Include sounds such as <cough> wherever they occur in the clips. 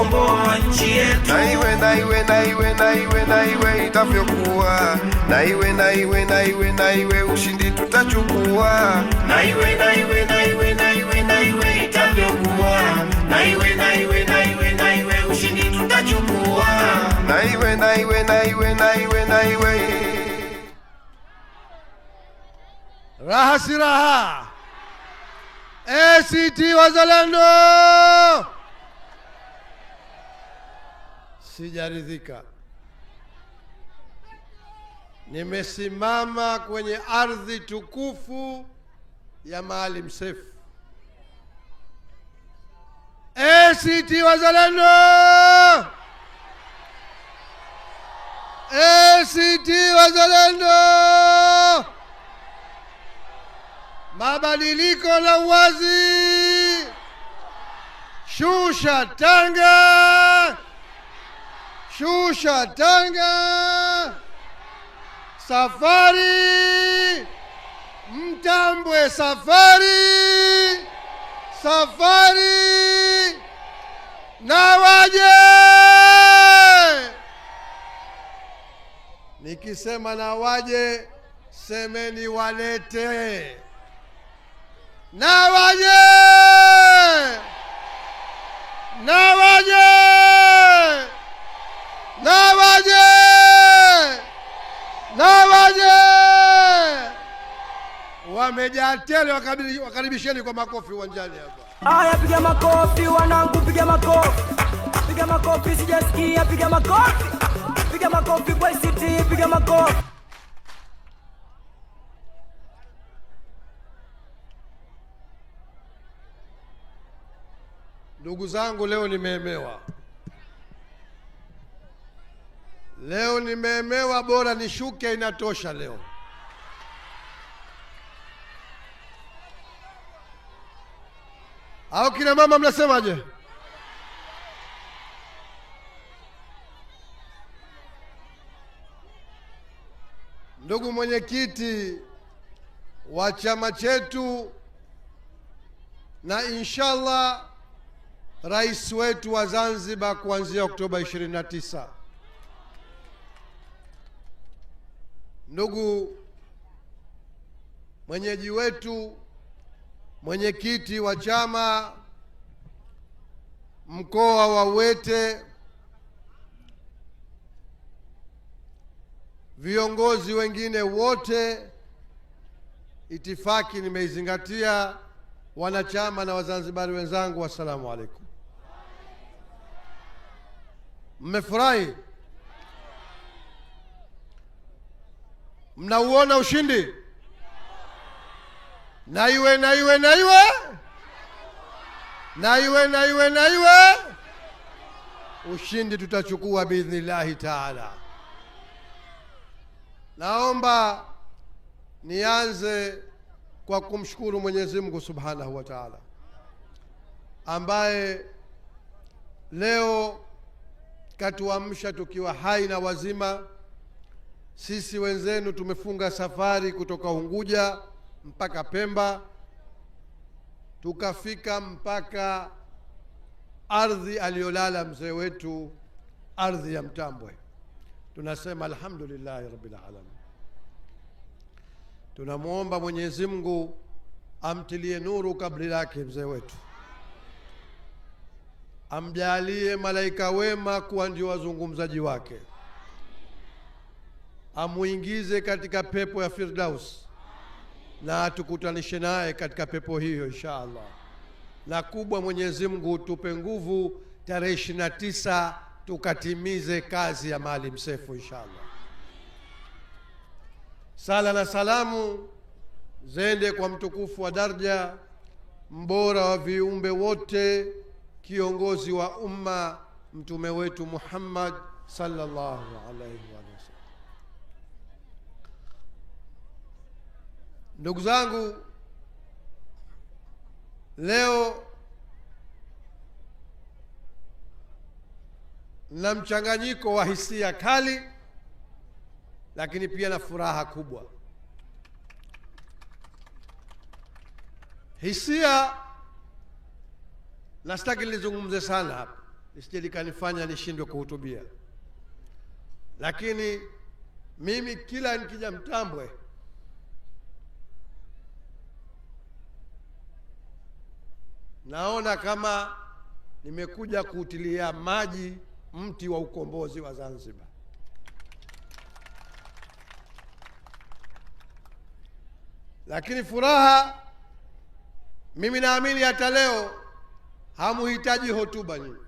kuikomboa nchi yetu. Na iwe na iwe na iwe na iwe na iwe itavyokuwa, na iwe na iwe na iwe na iwe ushindi tutachukua, na iwe na iwe na iwe na iwe na iwe itavyokuwa, na iwe na iwe na iwe na iwe ushindi tutachukua, na iwe na iwe na iwe na iwe na iwe raha si raha ACT Wazalendo! sijaridhika. Nimesimama kwenye ardhi tukufu ya Maalim Seif. ACT Wazalendo! ACT Wazalendo! Mabadiliko la uwazi! Shusha tanga! Shusha tanga, safari Mtambwe, safari safari, na waje. Nikisema na waje, semeni walete, na waje, na waje na waje wamejaa tele, wakaribisheni kwa makofi uwanjani hapa. Aya, piga makofi wanangu, piga makofi, piga makofi, sijasikia. Piga makofi, piga makofi kwa ICT, piga makofi. Ndugu zangu, leo nimeemewa. Leo nimeemewa, bora nishuke, inatosha leo. Au kina mama mnasemaje? Ndugu mwenyekiti wa chama chetu na inshallah rais wetu wa Zanzibar kuanzia Oktoba 29. Ndugu mwenyeji wetu, mwenyekiti wa chama mkoa wa Wete, viongozi wengine wote, itifaki nimeizingatia. Wanachama na Wazanzibari wenzangu, wassalamu alaikum. Mmefurahi? Mnauona ushindi? Na iwe na iwe na iwe na iwe na iwe na iwe, ushindi tutachukua biidhnillahi taala. Naomba nianze kwa kumshukuru Mwenyezi Mungu subhanahu wa taala ambaye leo katuamsha tukiwa hai na wazima. Sisi wenzenu tumefunga safari kutoka Unguja mpaka Pemba, tukafika mpaka ardhi aliyolala mzee wetu, ardhi ya Mtambwe. Tunasema alhamdulillahi rabbil alamin. Tunamwomba Mwenyezi Mungu amtilie nuru kabri lake mzee wetu, amjalie malaika wema kuwa ndio wazungumzaji wake amuingize katika pepo ya Firdaus na atukutanishe naye katika pepo hiyo insha Allah. na kubwa, Mwenyezi Mungu tupe nguvu, tarehe ishirini na tisa tukatimize kazi ya Maalim Seif insha Allah. Sala na salamu zende kwa mtukufu wa daraja mbora wa viumbe wote, kiongozi wa umma, mtume wetu Muhammad sallallahu alaihi wa Ndugu zangu, leo na mchanganyiko wa hisia kali, lakini pia na furaha kubwa. Hisia na sitaki nilizungumze sana hapa, lisije likanifanya nishindwe kuhutubia, lakini mimi kila nikija Mtambwe naona kama nimekuja kuutilia maji mti wa ukombozi wa Zanzibar. Lakini furaha mimi naamini hata leo hamuhitaji hotuba nyingi,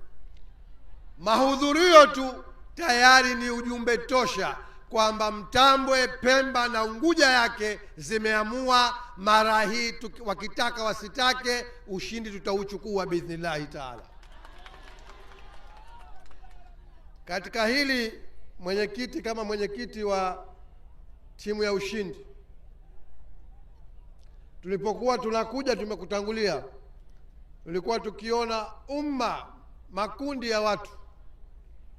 mahudhurio tu tayari ni ujumbe tosha kwamba Mtambwe, Pemba na Unguja yake zimeamua mara hii, wakitaka wasitake, ushindi tutauchukua biidhnillahi taala. Katika hili mwenyekiti, kama mwenyekiti wa timu ya ushindi, tulipokuwa tunakuja, tumekutangulia, tulikuwa tukiona umma, makundi ya watu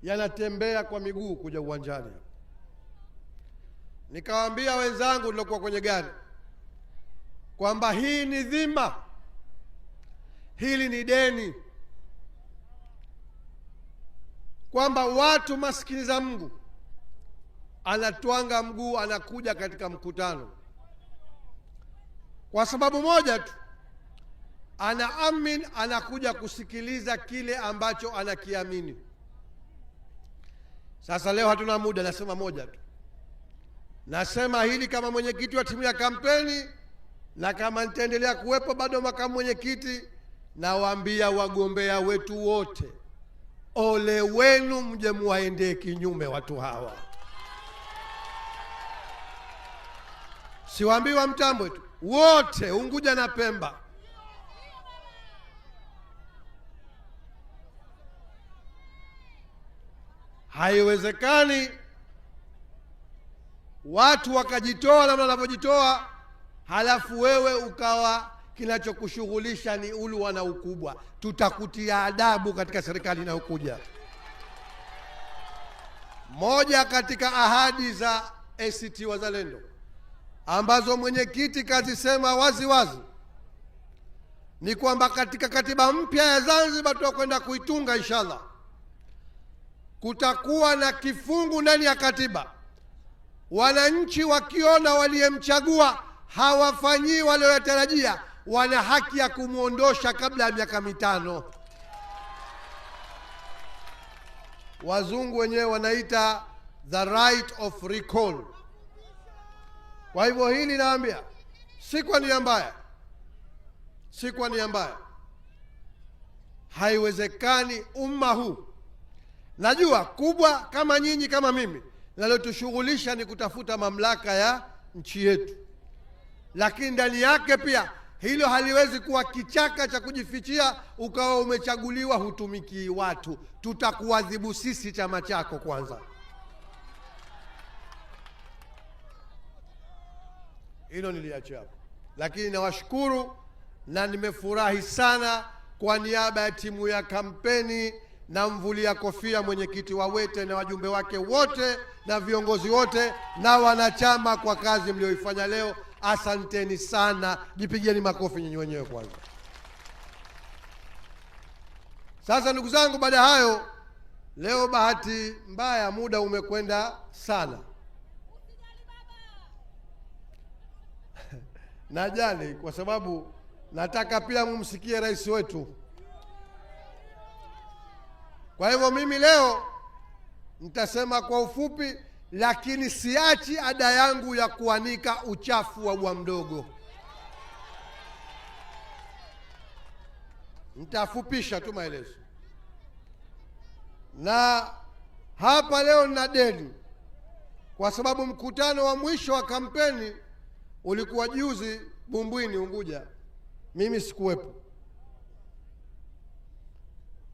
yanatembea kwa miguu kuja uwanjani. Nikawaambia wenzangu nilokuwa kwenye gari kwamba hii ni dhima, hili ni deni, kwamba watu maskini za Mungu anatwanga mguu anakuja katika mkutano kwa sababu moja tu, ana amin, anakuja kusikiliza kile ambacho anakiamini. Sasa leo hatuna muda, nasema moja tu Nasema hili kama mwenyekiti wa timu ya kampeni na kama nitaendelea kuwepo bado makamu mwenyekiti, nawaambia wagombea wetu wote, ole wenu mje muwaendee kinyume watu hawa. Siwaambii wa Mtambwe tu, wote Unguja na Pemba. Haiwezekani watu wakajitoa namna wanavyojitoa, halafu wewe ukawa kinachokushughulisha ni ulwa na ukubwa, tutakutia adabu katika serikali inayokuja. Moja katika ahadi za ACT Wazalendo ambazo mwenyekiti kazisema wazi wazi ni kwamba katika katiba mpya ya Zanzibar tutakwenda kuitunga, inshallah, kutakuwa na kifungu ndani ya katiba Wananchi wakiona waliyemchagua hawafanyii walioyatarajia, wana haki ya kumwondosha kabla ya miaka mitano. Wazungu wenyewe wanaita the right of recall. Kwa hivyo hili naambia, si kwa nia mbaya, si kwa nia mbaya. Haiwezekani umma huu, najua kubwa kama nyinyi kama mimi linalotushughulisha ni kutafuta mamlaka ya nchi yetu, lakini ndani yake pia hilo haliwezi kuwa kichaka cha kujifichia, ukawa umechaguliwa hutumikii watu. Tutakuadhibu sisi, chama chako kwanza. Hilo niliache hapo, lakini nawashukuru na nimefurahi sana kwa niaba ya timu ya kampeni namvulia kofia mwenyekiti wa Wete na wajumbe wake wote na viongozi wote na wanachama kwa kazi mlioifanya leo. Asanteni sana, jipigieni makofi nyinyi wenyewe kwanza. Sasa ndugu zangu, baada ya hayo, leo bahati mbaya muda umekwenda sana <laughs> najali, kwa sababu nataka pia mumsikie rais wetu. Kwa hivyo mimi leo nitasema kwa ufupi, lakini siachi ada yangu ya kuanika uchafu wa bwa mdogo. Nitafupisha tu maelezo, na hapa leo nina deni, kwa sababu mkutano wa mwisho wa kampeni ulikuwa juzi Bumbwini Unguja, mimi sikuwepo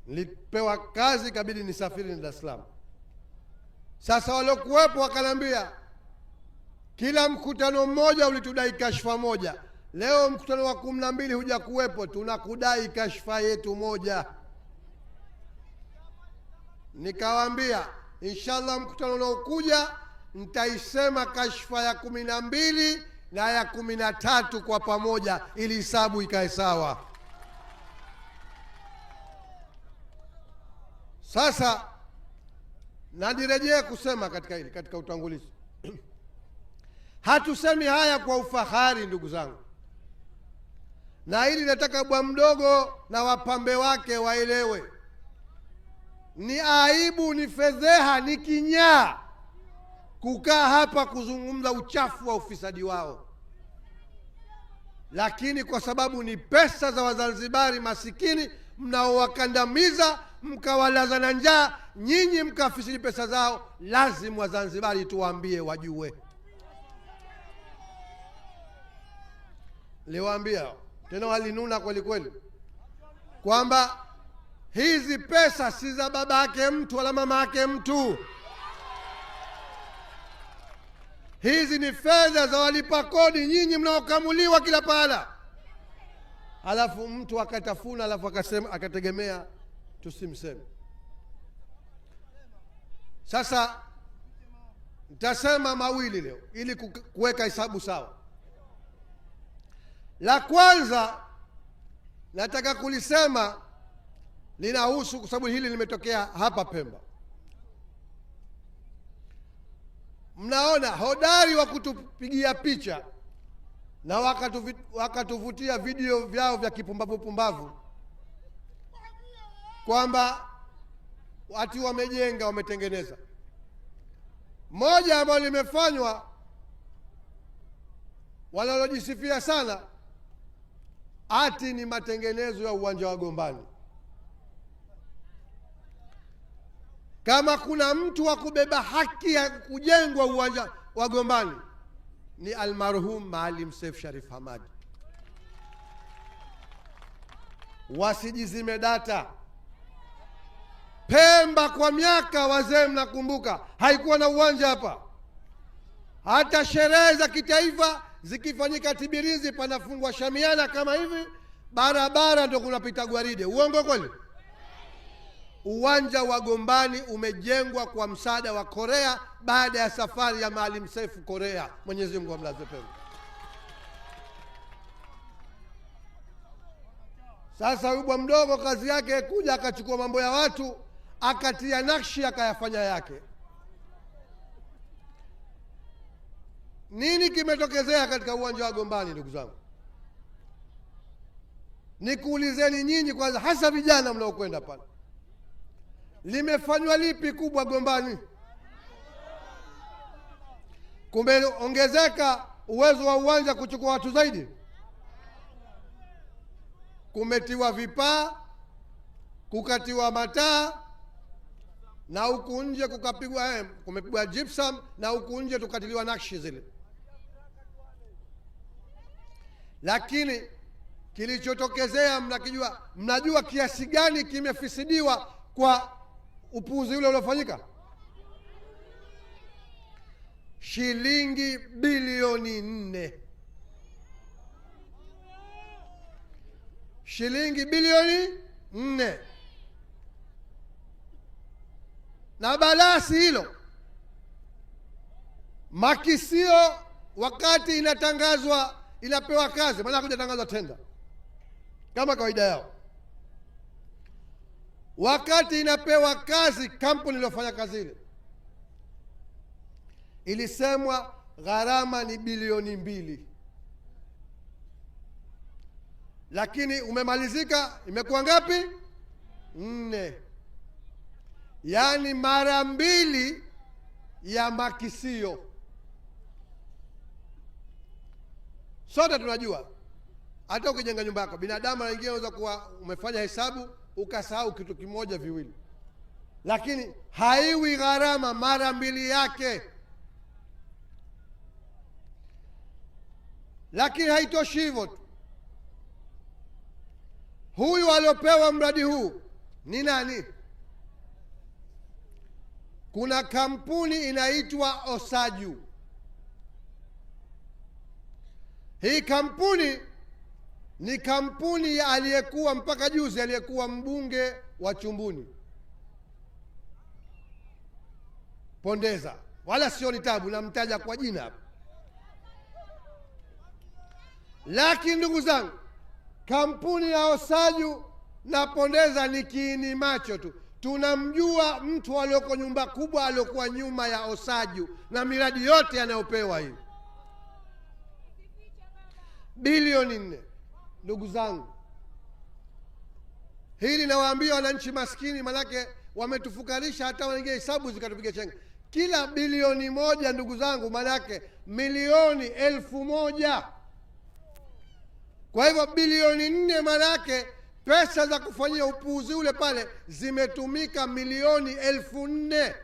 nilipewa kazi, kabidi nisafiri ni Dar es Salaam. Sasa waliokuwepo wakaniambia kila mkutano mmoja ulitudai kashfa moja. Leo mkutano wa kumi na mbili kuwepo tunakudai kashfa yetu moja. Nikawaambia inshallah, mkutano unaokuja nitaisema kashfa ya kumi na mbili na ya kumi na tatu kwa pamoja, ili hisabu ikae sawa. Sasa na nirejee kusema katika hili, katika utangulizi <clears throat> hatusemi haya kwa ufahari, ndugu zangu, na hili nataka bwa mdogo na wapambe wake waelewe. Ni aibu, ni fedheha, ni kinyaa kukaa hapa kuzungumza uchafu wa ufisadi wao, lakini kwa sababu ni pesa za Wazanzibari masikini mnaowakandamiza mkawalaza na njaa, nyinyi mkafisiri pesa zao. Lazima Wazanzibari tuwaambie wajue. Liwaambia tena walinuna kweli kweli kwamba hizi pesa si za baba yake mtu wala mama yake mtu. Hizi ni fedha za walipa kodi, nyinyi mnaokamuliwa kila pahala. Alafu mtu akatafuna, alafu akasema, akategemea tusimseme. Sasa nitasema mawili leo ili kuweka hesabu sawa. La kwanza nataka kulisema linahusu, kwa sababu hili limetokea hapa Pemba. Mnaona hodari wa kutupigia picha na wakatuvutia video vyao vya kipumbavupumbavu kwamba watu wamejenga, wametengeneza. Moja ambayo limefanywa wanalojisifia sana ati ni matengenezo ya uwanja wa Gombani. Kama kuna mtu wa kubeba haki ya kujengwa uwanja wa Gombani ni almarhum Maalim Seif Sharif Hamad. Wasijizime data. Pemba kwa miaka, wazee mnakumbuka, haikuwa na uwanja hapa. Hata sherehe za kitaifa zikifanyika Tibirizi panafungwa shamiana kama hivi, barabara ndio kunapita gwaride. Uongo kweli? Uwanja wa Gombani umejengwa kwa msaada wa Korea baada ya safari ya Maalim Seif Korea, Mwenyezi Mungu amlaze pema. Sasa ubwa mdogo kazi yake kuja akachukua mambo ya watu akatia nakshi akayafanya yake. Nini kimetokezea katika uwanja wa Gombani? Ndugu zangu, nikuulizeni nyinyi kwanza, hasa vijana mnaokwenda pale, limefanywa lipi kubwa Gombani? Kumeongezeka uwezo wa uwanja kuchukua watu zaidi, kumetiwa vipaa, kukatiwa mataa na huku nje kukapigwa eh, kumepigwa gypsum na huku nje tukatiliwa nakshi zile, lakini kilichotokezea mnakijua. Mnajua kiasi gani kimefisidiwa kwa upuuzi ule uliofanyika? Shilingi bilioni nne, shilingi bilioni nne. na balasi hilo makisio, wakati inatangazwa inapewa kazi, maana tangazwa tenda kama kawaida yao. Wakati inapewa kazi, kampuni iliyofanya kazi ile ilisemwa gharama ni bilioni mbili, lakini umemalizika imekuwa ngapi? Nne yaani mara mbili ya makisio. Sote tunajua hata ukijenga nyumba yako binadamu anaingia, unaweza kuwa umefanya hesabu ukasahau kitu kimoja viwili, lakini haiwi gharama mara mbili yake. Lakini haitoshi hivyo tu. Huyu aliopewa mradi huu ni nani? Kuna kampuni inaitwa Osaju. Hii kampuni ni kampuni ya aliyekuwa mpaka juzi aliyekuwa mbunge wa Chumbuni Pondeza, wala sioni tabu, namtaja kwa jina hapa. Lakini ndugu zangu, kampuni ya Osaju na Pondeza ni kiini macho tu. Tunamjua mtu aliyoko nyumba kubwa aliyokuwa nyuma ya Osaju na miradi yote yanayopewa hii bilioni nne. Ndugu zangu, hili nawaambia wananchi maskini, manake wametufukarisha, hata wanaingia hesabu zikatupiga chenga. Kila bilioni moja, ndugu zangu, manake milioni elfu moja. Kwa hivyo bilioni nne manake pesa za kufanyia upuuzi ule pale zimetumika milioni elfu nne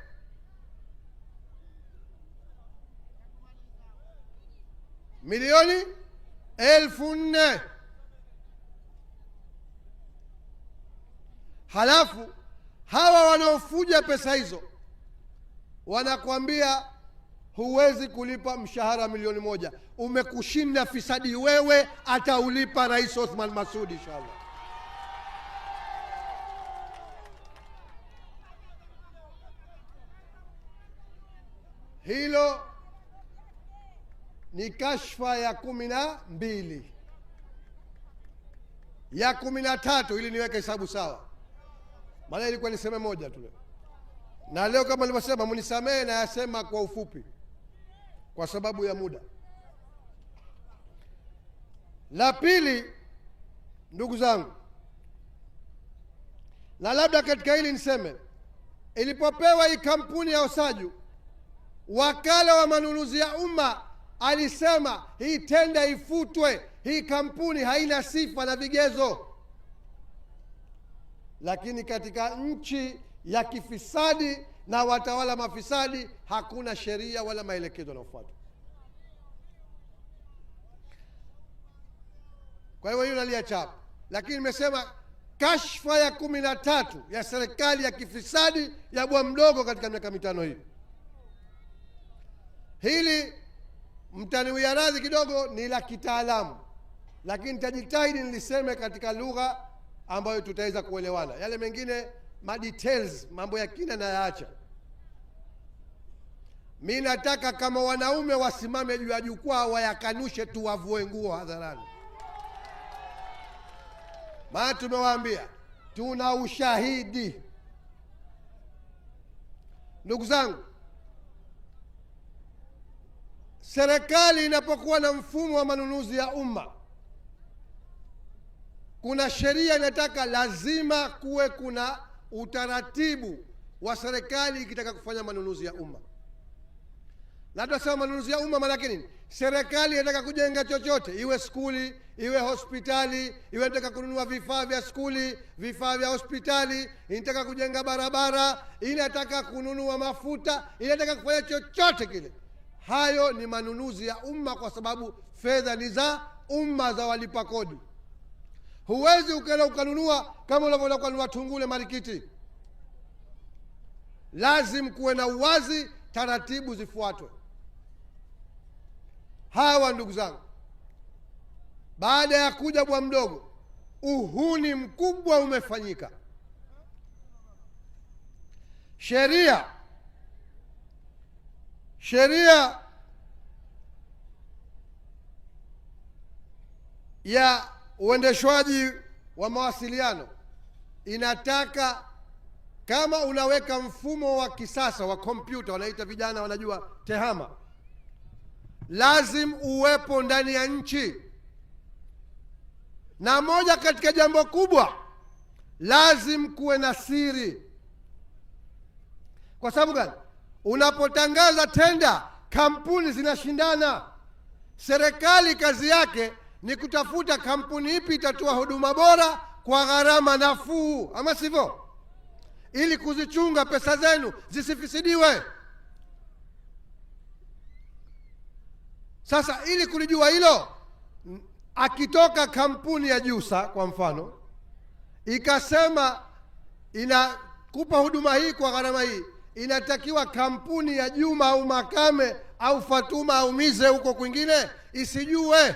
milioni elfu nne halafu hawa wanaofuja pesa hizo wanakuambia huwezi kulipa mshahara milioni moja. Umekushinda fisadi wewe, ataulipa Rais Othman Masudi, inshaallah Hilo ni kashfa ya kumi na mbili. Ya kumi na tatu, ili niweke hesabu sawa, maana ilikuwa niseme moja tu, na leo kama nilivyosema, munisamehe na yasema kwa ufupi kwa sababu ya muda. La pili, ndugu zangu, na labda katika hili niseme, ilipopewa hii kampuni ya Osaju Wakala wa manunuzi ya umma alisema hii tenda ifutwe, hii kampuni haina sifa na vigezo. Lakini katika nchi ya kifisadi na watawala mafisadi hakuna sheria wala maelekezo yanayofuatwa. Kwa hiyo hiyo nalia chapa, lakini nimesema kashfa ya kumi na tatu ya serikali ya kifisadi ya bwa mdogo katika miaka mitano hii Hili mtaniwia radhi kidogo, ni la kitaalamu, lakini tajitahidi niliseme katika lugha ambayo tutaweza kuelewana. Yale mengine ma details, mambo ya kina nayaacha. Mi nataka kama wanaume wasimame juu ya jukwaa wayakanushe, tuwavue nguo hadharani. Maana tumewaambia tuna ushahidi, ndugu zangu. Serikali inapokuwa na mfumo wa manunuzi ya umma, kuna sheria inataka lazima kuwe kuna utaratibu wa serikali ikitaka kufanya manunuzi ya umma. Na tunasema manunuzi ya umma maanake nini? Serikali inataka kujenga chochote, iwe skuli, iwe hospitali, iwe inataka kununua vifaa vya skuli, vifaa vya hospitali, inataka kujenga barabara, inataka kununua mafuta, inataka kufanya chochote kile hayo ni manunuzi ya umma, kwa sababu fedha ni za umma, za walipa kodi. Huwezi ukenda ukanunua kama unavyoenda kununua tungule marikiti. Lazim kuwe na uwazi, taratibu zifuatwe. Hawa ndugu zangu, baada ya kuja bwa mdogo, uhuni mkubwa umefanyika. Sheria sheria ya uendeshwaji wa mawasiliano inataka kama unaweka mfumo wa kisasa wa kompyuta, wanaita vijana wanajua tehama, lazim uwepo ndani ya nchi, na moja katika jambo kubwa, lazim kuwe na siri. Kwa sababu gani? Unapotangaza tenda, kampuni zinashindana. Serikali kazi yake ni kutafuta kampuni ipi itatoa huduma bora kwa gharama nafuu, ama sivyo, ili kuzichunga pesa zenu zisifisidiwe. Sasa ili kulijua hilo, akitoka kampuni ya Jusa kwa mfano ikasema inakupa huduma hii kwa gharama hii inatakiwa kampuni ya Juma au Makame au Fatuma au Mize huko kwingine isijue.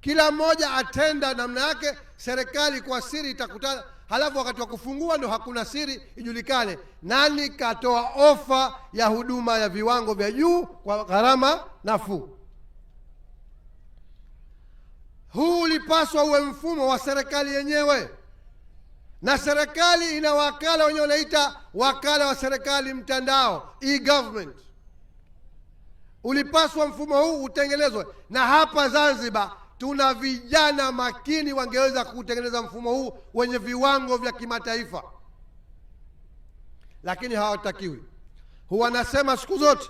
Kila mmoja atenda namna yake, serikali kwa siri itakutana, halafu wakati wa kufungua ndo hakuna siri, ijulikane nani katoa ofa ya huduma ya viwango vya juu kwa gharama nafuu. Huu ulipaswa uwe mfumo wa serikali yenyewe na serikali ina wakala wenyewe wanaita wakala wa serikali mtandao e-government. Ulipaswa mfumo huu utengenezwe, na hapa Zanzibar tuna vijana makini wangeweza kutengeneza mfumo huu wenye viwango vya kimataifa, lakini hawatakiwi. Huwanasema siku zote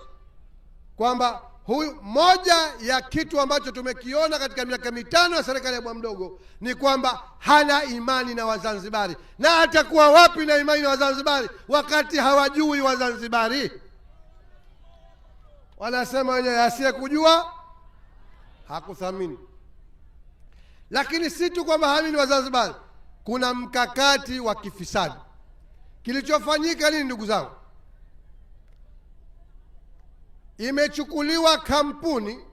kwamba Huyu, moja ya kitu ambacho tumekiona katika miaka mitano ya serikali ya bwa mdogo ni kwamba hana imani na Wazanzibari, na atakuwa wapi na imani na Wazanzibari wakati hawajui Wazanzibari? Wanasema wenyewe asiyekujua hakuthamini. Lakini si tu kwamba haamini Wazanzibari, kuna mkakati wa kifisadi. Kilichofanyika nini, ndugu zangu? imechukuliwa kampuni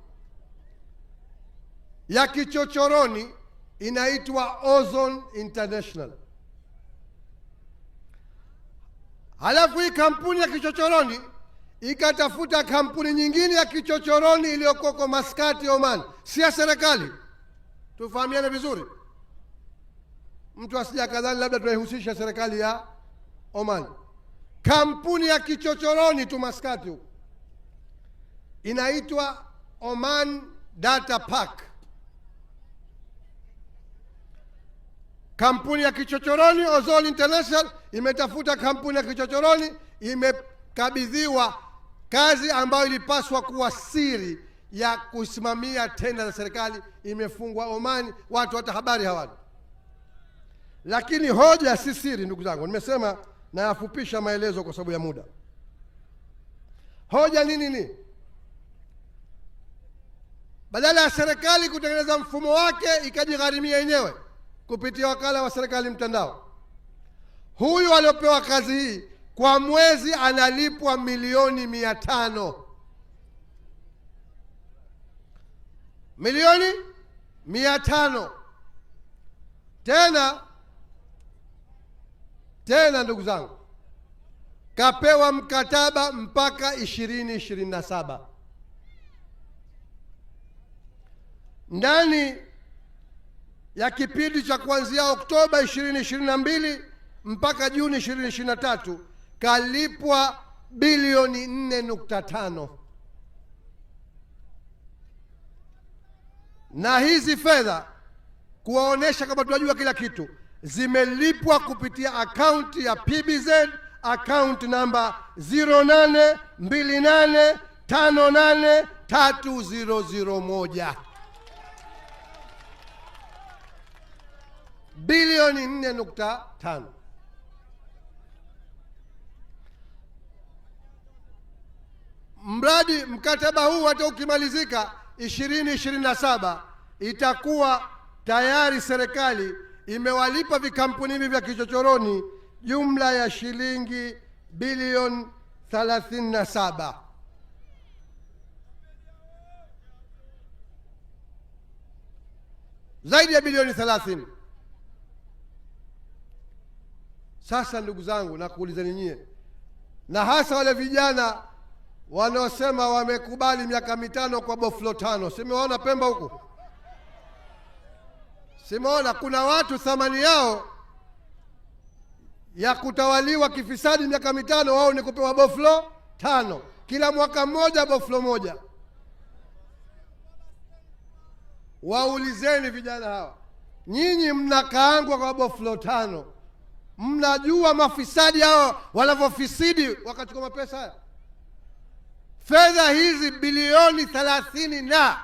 ya kichochoroni inaitwa Ozone International. Halafu hii kampuni ya kichochoroni ikatafuta kampuni nyingine ya kichochoroni iliyokoko Maskati, Oman, si ya serikali. Tufahamiane vizuri, mtu asija kadhani labda tunaihusisha serikali ya Oman. Kampuni ya kichochoroni tu Maskati huko inaitwa Oman Data Park. Kampuni ya kichochoroni Ozol International imetafuta kampuni ya kichochoroni, imekabidhiwa kazi ambayo ilipaswa kuwa siri ya kusimamia tenda za serikali, imefungwa Omani, watu hata habari hawana. Lakini hoja si siri, ndugu zangu, nimesema nayafupisha maelezo kwa sababu ya muda. Hoja ni nini? badala ya serikali kutengeneza mfumo wake ikajigharimia yenyewe kupitia wakala wa serikali mtandao. Huyu aliopewa kazi hii kwa mwezi analipwa milioni mia tano milioni mia tano Tena tena, ndugu zangu, kapewa mkataba mpaka ishirini ishirini na saba. ndani ya kipindi cha kuanzia Oktoba 2022 mpaka Juni 2023 kalipwa bilioni 4.5 na hizi fedha kuwaonesha kama tunajua kila kitu, zimelipwa kupitia akaunti ya PBZ, akaunti namba 082858301. bilioni 4.5. Mradi mkataba huu hata ukimalizika 2027 itakuwa tayari serikali imewalipa vikampuni hivi vya kichochoroni jumla ya shilingi bilioni 37. Zaidi ya bilioni 30. Sasa ndugu zangu, nakuulizeni nyie na hasa wale vijana wanaosema wamekubali miaka mitano kwa boflo tano, simeona Pemba huko, simeona kuna watu thamani yao ya kutawaliwa kifisadi miaka mitano, wao ni kupewa boflo tano kila mwaka mmoja, boflo moja. Waulizeni vijana hawa, nyinyi mnakaangwa kwa boflo tano. Mnajua mafisadi hao wanavyofisidi wakachukua mapesa haya, fedha hizi bilioni thelathini na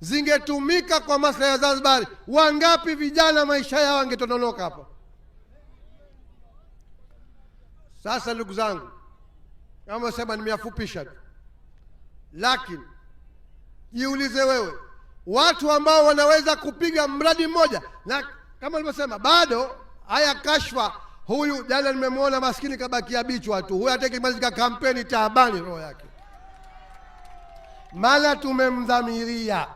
zingetumika kwa maslahi ya Zanzibar, wangapi vijana maisha yao angetondoloka hapa? Sasa ndugu zangu, kama sema nimeyafupisha tu, lakini jiulize wewe, watu ambao wanaweza kupiga mradi mmoja na kama alivyosema bado Haya kashfa, huyu jana nimemwona maskini kabakia bichwa tu, huyu hataki malizika kampeni, taabani roho yake, maana tumemdhamiria.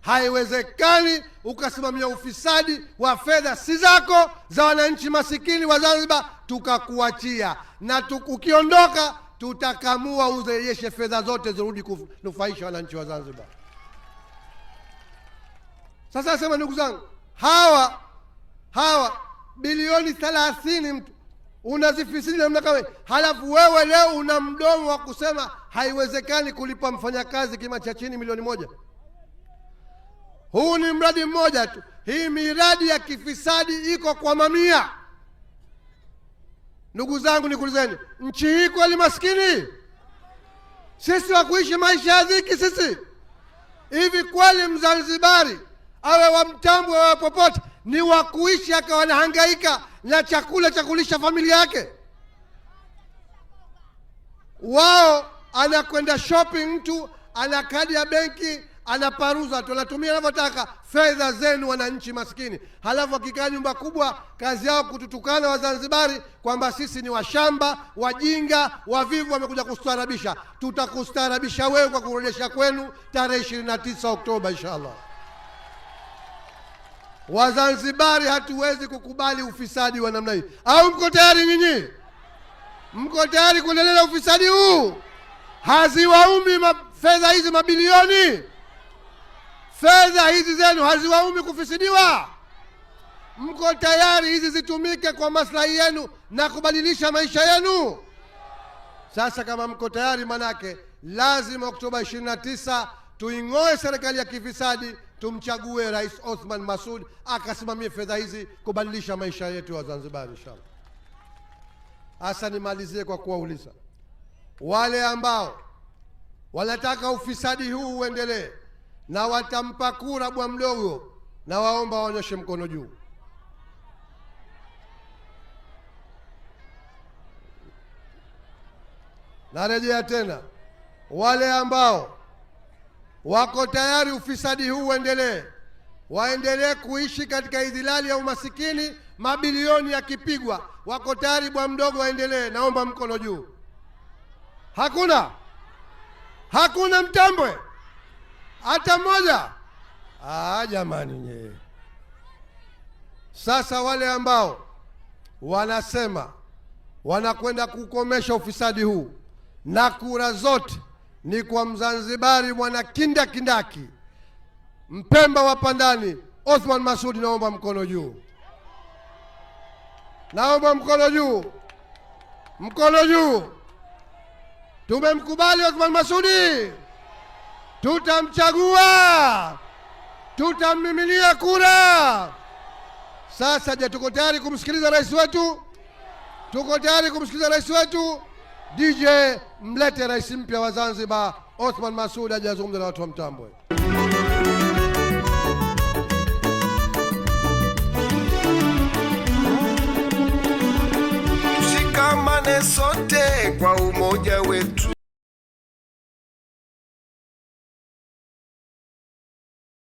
Haiwezekani ukasimamia ufisadi wa fedha si zako za wananchi masikini wa Zanzibar, tukakuachia na ukiondoka, tutakamua uzeyeshe fedha zote zirudi kunufaisha wananchi wa Zanzibar. Sasa nasema ndugu zangu, hawa hawa bilioni thelathini mtu unazifisiri namna kama halafu wewe leo una mdomo wa kusema haiwezekani kulipa mfanyakazi kima cha chini milioni moja. Huu ni mradi mmoja tu, hii miradi ya kifisadi iko kwa mamia. Ndugu zangu, nikulizeni, nchi hii kweli maskini sisi? Wakuishi maisha ya dhiki sisi? Hivi kweli Mzanzibari awe wa Mtambwe, awe popote ni wa kuishi, akawa anahangaika na chakula cha kulisha familia yake. Wao anakwenda shopping, mtu ana kadi ya benki, anaparuza tu, anatumia anavyotaka fedha zenu, wananchi maskini. Halafu akikaa nyumba kubwa, kazi yao kututukana Wazanzibari kwamba sisi ni washamba, wajinga, wavivu, wamekuja kustaarabisha. Tutakustaarabisha wewe kwa kurejesha kwenu tarehe 29 Oktoba, inshallah. Wazanzibari hatuwezi kukubali ufisadi wa namna hii. Au mko tayari nyinyi? Mko tayari kuendelea ufisadi huu? Haziwaumi fedha hizi mabilioni, fedha hizi zenu haziwaumi kufisidiwa? Mko tayari hizi zitumike kwa maslahi yenu na kubadilisha maisha yenu? Sasa kama mko tayari, manake lazima Oktoba 29 tuing'oe serikali ya kifisadi, tumchague Rais Othman Masud akasimamie fedha hizi kubadilisha maisha yetu ya Wazanzibari inshallah. Hasa nimalizie kwa kuwauliza wale ambao wanataka ufisadi huu uendelee na watampa kura bwa mdogo, na waomba waonyeshe mkono juu. Narejea tena wale ambao wako tayari ufisadi huu uendelee, waendelee kuishi katika idhilali ya umasikini, mabilioni yakipigwa, wako tayari bwa mdogo waendelee. Naomba mkono juu. Hakuna, hakuna mtambwe hata mmoja. Ah, jamani nye. Sasa wale ambao wanasema wanakwenda kukomesha ufisadi huu na kura zote ni kwa Mzanzibari mwana kindakindaki, Mpemba wa Pandani, Othman Masudi. Naomba mkono juu, naomba mkono juu, mkono juu. Tumemkubali Othman Masudi, tutamchagua, tutammiminia kura. Sasa je, tuko tayari kumsikiliza rais wetu? Tuko tayari kumsikiliza rais wetu? DJ mlete rais mpya wa Zanzibar Othman Masud ajazungumza na watu wa Mtambwe. Tushikamane sote kwa umoja wetu